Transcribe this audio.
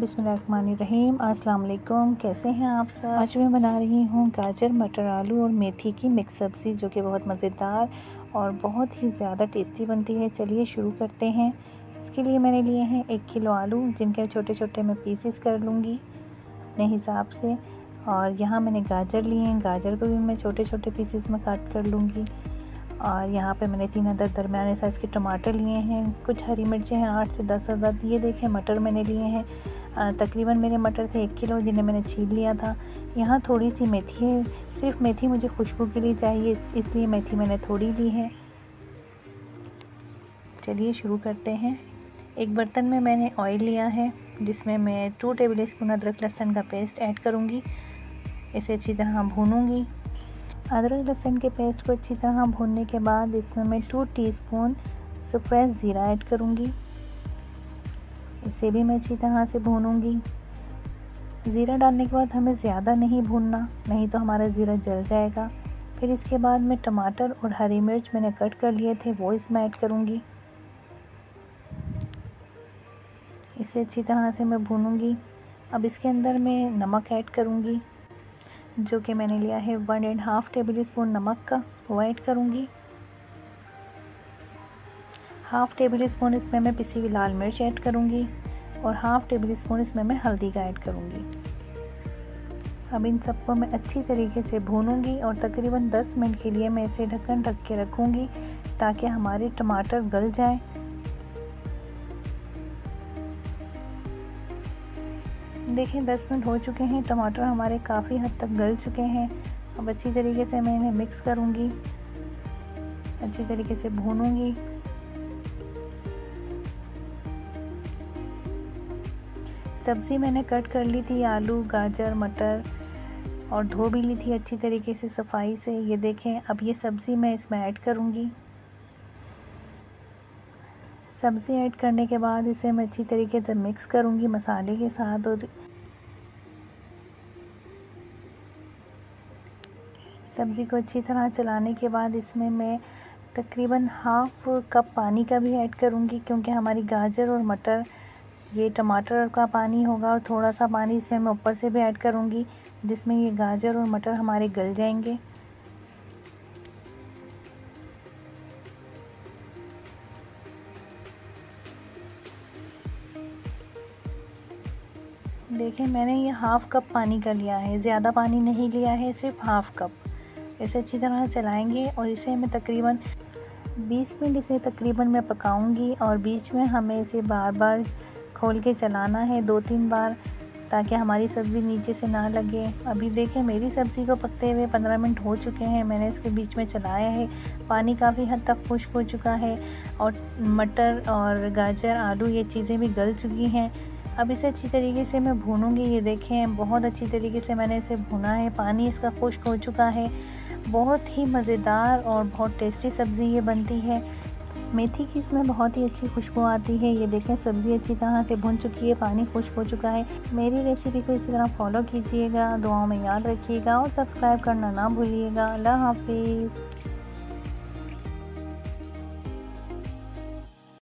बिसमीम अस्सलाम कैसे हैं आप सब आज मैं बना रही हूँ गाजर मटर आलू और मेथी की मिक्स सब्ज़ी जो कि बहुत मज़ेदार और बहुत ही ज़्यादा टेस्टी बनती है चलिए शुरू करते हैं इसके लिए मैंने लिए हैं एक किलो आलू जिनके छोटे छोटे मैं पीसीस कर लूँगी अपने हिसाब से और यहाँ मैंने गाजर लिए हैं गाजर को भी मैं छोटे छोटे पीसीस में काट कर लूँगी और यहाँ पे मैंने तीन अदर दरमियाने साइज़ के टमाटर लिए हैं कुछ हरी मिर्चें हैं आठ से दस हज़ार ये देखें मटर मैंने लिए हैं तकरीबन मेरे मटर थे एक किलो जिन्हें मैंने छील लिया था यहाँ थोड़ी सी मेथी है सिर्फ मेथी मुझे खुशबू के लिए चाहिए इसलिए मेथी मैंने थोड़ी ली है चलिए शुरू करते हैं एक बर्तन में मैंने ऑयल लिया है जिसमें मैं टू टेबल स्पून अदरक लहसुन का पेस्ट ऐड करूँगी इसे अच्छी तरह भूनूँगी अदरक लहसुन के पेस्ट को अच्छी तरह भूनने के बाद इसमें मैं टू टीस्पून स्पून ज़ीरा ऐड करूँगी इसे भी मैं अच्छी तरह से भूनूँगी ज़ीरा डालने के बाद हमें ज़्यादा नहीं भूनना नहीं तो हमारा ज़ीरा जल जाएगा फिर इसके बाद मैं टमाटर और हरी मिर्च मैंने कट कर लिए थे वो इसमें ऐड करूँगी इसे अच्छी तरह से मैं भूनूँगी अब इसके अंदर मैं नमक ऐड करूँगी जो कि मैंने लिया है one and half tablespoon नमक का वो ऐड करूँगी हाफ़ टेबल स्पून इसमें मैं पिसी हुई लाल मिर्च ऐड करूँगी और हाफ़ टेबल स्पून इसमें मैं हल्दी का ऐड करूँगी अब इन सबको मैं अच्छी तरीके से भूनूंगी और तकरीबन 10 मिनट के लिए मैं इसे ढक्कन ढक के रखूँगी ताकि हमारे टमाटर गल जाए देखें दस मिनट हो चुके हैं टमाटर हमारे काफ़ी हद तक गल चुके हैं अब अच्छी तरीके से मैं इन्हें मिक्स करूँगी अच्छी तरीके से भूनूँगी सब्ज़ी मैंने कट कर ली थी आलू गाजर मटर और धो भी ली थी अच्छी तरीके से सफाई से ये देखें अब ये सब्ज़ी मैं इसमें ऐड करूँगी सब्ज़ी ऐड करने के बाद इसे मैं अच्छी तरीके से मिक्स करूँगी मसाले के साथ और सब्ज़ी को अच्छी तरह चलाने के बाद इसमें मैं तकरीबन हाफ़ कप पानी का भी ऐड करूँगी क्योंकि हमारी गाजर और मटर ये टमाटर का पानी होगा और थोड़ा सा पानी इसमें मैं ऊपर से भी ऐड करूँगी जिसमें ये गाजर और मटर हमारे गल जाएंगे देखें मैंने ये हाफ़ कप पानी का लिया है ज़्यादा पानी नहीं लिया है सिर्फ हाफ़ कप इसे अच्छी तरह चलाएंगे और इसे हमें तकरीबन 20 मिनट इसे तकरीबन मैं पकाऊंगी और बीच में हमें इसे बार बार खोल के चलाना है दो तीन बार ताकि हमारी सब्ज़ी नीचे से ना लगे अभी देखें मेरी सब्ज़ी को पकते हुए पंद्रह मिनट हो चुके हैं मैंने इसके बीच में चलाया है पानी काफ़ी हद तक खुश्क हो चुका है और मटर और गाजर आलू ये चीज़ें भी गल चुकी हैं अब इसे अच्छी तरीके से मैं भूनूंगी ये देखें बहुत अच्छी तरीके से मैंने इसे भुना है पानी इसका खुश्क हो चुका है बहुत ही मज़ेदार और बहुत टेस्टी सब्ज़ी ये बनती है मेथी की इसमें बहुत ही अच्छी खुशबू आती है ये देखें सब्ज़ी अच्छी तरह से भुन चुकी है पानी खुश्क हो चुका है मेरी रेसिपी को इसी तरह फॉलो कीजिएगा दुआओं में याद रखिएगा और सब्सक्राइब करना ना भूलिएगा अल्लाह हाफिज़